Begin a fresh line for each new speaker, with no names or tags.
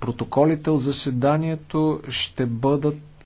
Протоколите от заседанието ще бъдат